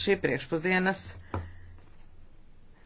šī priekšpusdienas